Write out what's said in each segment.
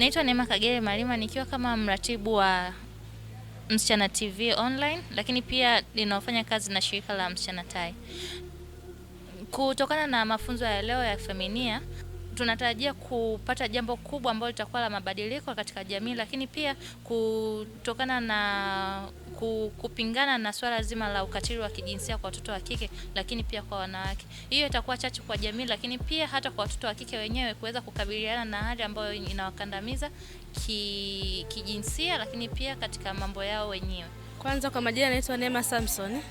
Naitwa Neema Kagere Malima nikiwa kama mratibu wa Msichana TV Online, lakini pia ninaofanya kazi na shirika la Msichana Tai. Kutokana na mafunzo ya leo ya Feminia, tunatarajia kupata jambo kubwa ambalo litakuwa la mabadiliko katika jamii, lakini pia kutokana na kupingana na swala zima la ukatili wa kijinsia kwa watoto wa kike, lakini pia kwa wanawake. Hiyo itakuwa chachu kwa jamii, lakini pia hata kwa watoto wa kike wenyewe kuweza kukabiliana na hali ambayo inawakandamiza ki, kijinsia, lakini pia katika mambo yao wenyewe. Kwanza, kwa majina naitwa Neema Samson.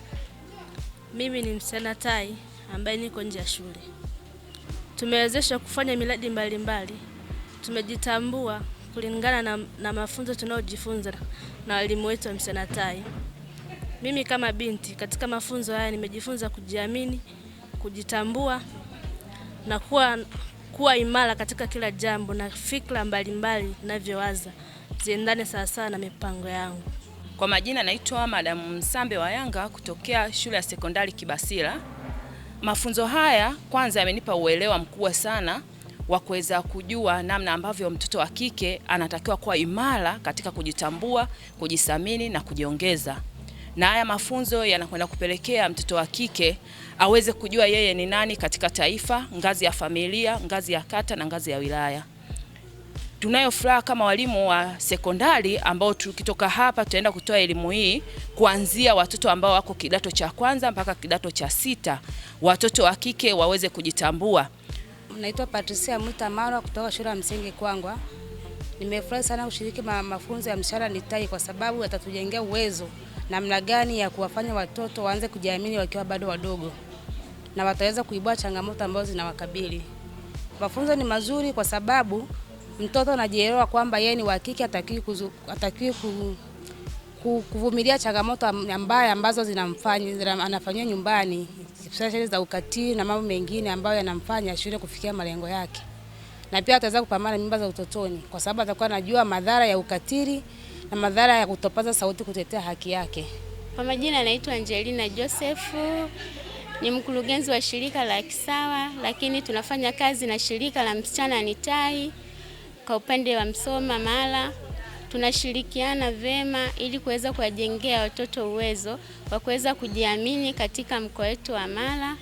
Mimi ni msichana tai ambaye niko nje ya shule. Tumewezesha kufanya miradi mbalimbali, tumejitambua kulingana na, na mafunzo tunayojifunza na walimu wetu wa Msanatai. Mimi kama binti katika mafunzo haya nimejifunza kujiamini, kujitambua na kuwa, kuwa imara katika kila jambo na fikra mbalimbali ninavyowaza ziendane sawasawa na mipango yangu. Kwa majina naitwa Madamu Msambe wa Yanga kutokea shule ya sekondari Kibasila. Mafunzo haya kwanza yamenipa uelewa mkubwa sana wa kuweza kujua namna ambavyo mtoto wa kike anatakiwa kuwa imara katika kujitambua, kujisamini na kujiongeza. Na haya mafunzo yanakwenda kupelekea mtoto wa kike aweze kujua yeye ni nani katika taifa, ngazi ya familia, ngazi ya kata na ngazi ya wilaya. Tunayo furaha kama walimu wa sekondari ambao tukitoka hapa tutaenda kutoa elimu hii kuanzia watoto ambao wako kidato cha kwanza mpaka kidato cha sita, watoto wa kike waweze kujitambua. Naitwa Patricia Mutamara kutoka shule ya msingi Kwangwa. Nimefurahi sana kushiriki ma mafunzo ya mshahara nitai kwa sababu yatatujengea uwezo namna gani ya kuwafanya watoto waanze kujiamini wakiwa bado wadogo, na wataweza kuibua changamoto ambazo zinawakabili. Mafunzo ni mazuri kwa sababu mtoto anajielewa kwamba yeye ni wa kike, atakiwi atakiwi kuvumilia changamoto mbaya ambazo zinamfanya anafanyia nyumbani especially za ukatili na mambo mengine ambayo yanamfanya ashindwe kufikia malengo yake, na pia ataweza kupambana mimba za utotoni, kwa sababu atakuwa anajua madhara ya ukatili na madhara ya kutopaza sauti kutetea haki yake. Kwa majina anaitwa Angelina Joseph, ni mkurugenzi wa shirika la Kisawa, lakini tunafanya kazi na shirika la Msichana ni Tai kwa upande wa Msoma Mara tunashirikiana vema ili kuweza kuwajengea watoto uwezo wa kuweza kujiamini katika mkoa wetu wa Mara.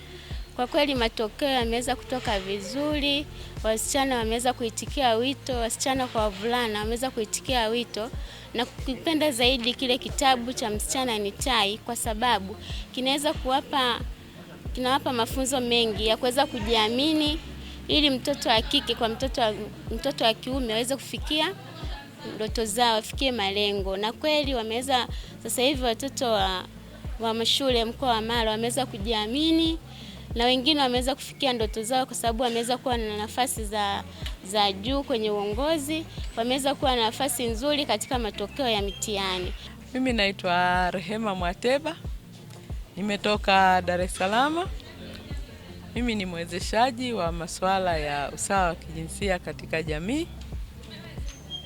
Kwa kweli matokeo yameweza kutoka vizuri, wasichana wameweza kuitikia wito, wasichana kwa wavulana wameweza kuitikia wito na kukipenda zaidi kile kitabu cha Msichana ni Tai, kwa sababu kinaweza kuwapa kinawapa mafunzo mengi ya kuweza kujiamini ili mtoto wa kike kwa mtoto wa, mtoto wa kiume aweze kufikia ndoto zao, wafikie malengo, na kweli wameweza. Sasa hivi watoto wa, wa shule mkoa wa Mara wameweza kujiamini na wengine wameweza kufikia ndoto zao kwa sababu wameweza kuwa na nafasi za, za juu kwenye uongozi, wameweza kuwa na nafasi nzuri katika matokeo ya mitihani. Mimi naitwa Rehema Mwateba, nimetoka Dar es Salaam. Mimi ni mwezeshaji wa masuala ya usawa wa kijinsia katika jamii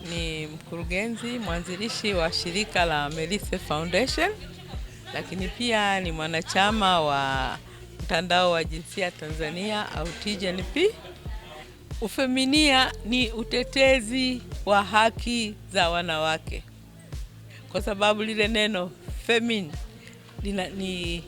ni mkurugenzi mwanzilishi wa shirika la Melise Foundation, lakini pia ni mwanachama wa mtandao wa jinsia Tanzania au TGNP. Ufeminia ni utetezi wa haki za wanawake, kwa sababu lile neno femin ni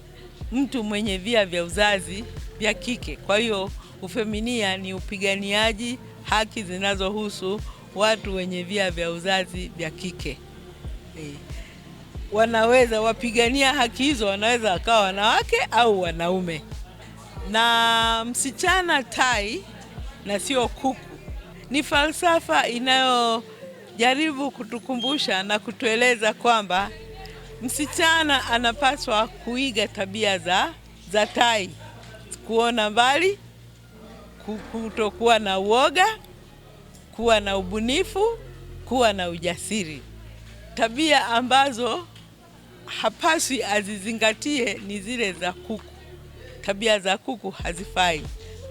mtu mwenye via vya uzazi vya kike. Kwa hiyo ufeminia ni upiganiaji haki zinazohusu watu wenye via vya uzazi vya kike e, wanaweza wapigania haki hizo, wanaweza wakawa wanawake au wanaume. Na msichana tai na sio kuku ni falsafa inayojaribu kutukumbusha na kutueleza kwamba msichana anapaswa kuiga tabia za, za tai: kuona mbali, kutokuwa na uoga kuwa na ubunifu, kuwa na ujasiri, tabia ambazo hapaswi azizingatie ni zile za kuku. Tabia za kuku hazifai,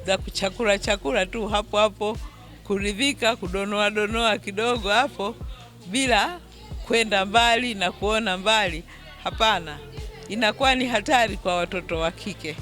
za kuchakura chakura tu hapo hapo, kuridhika, kudonoa donoa kidogo hapo bila kwenda mbali na kuona mbali. Hapana, inakuwa ni hatari kwa watoto wa kike.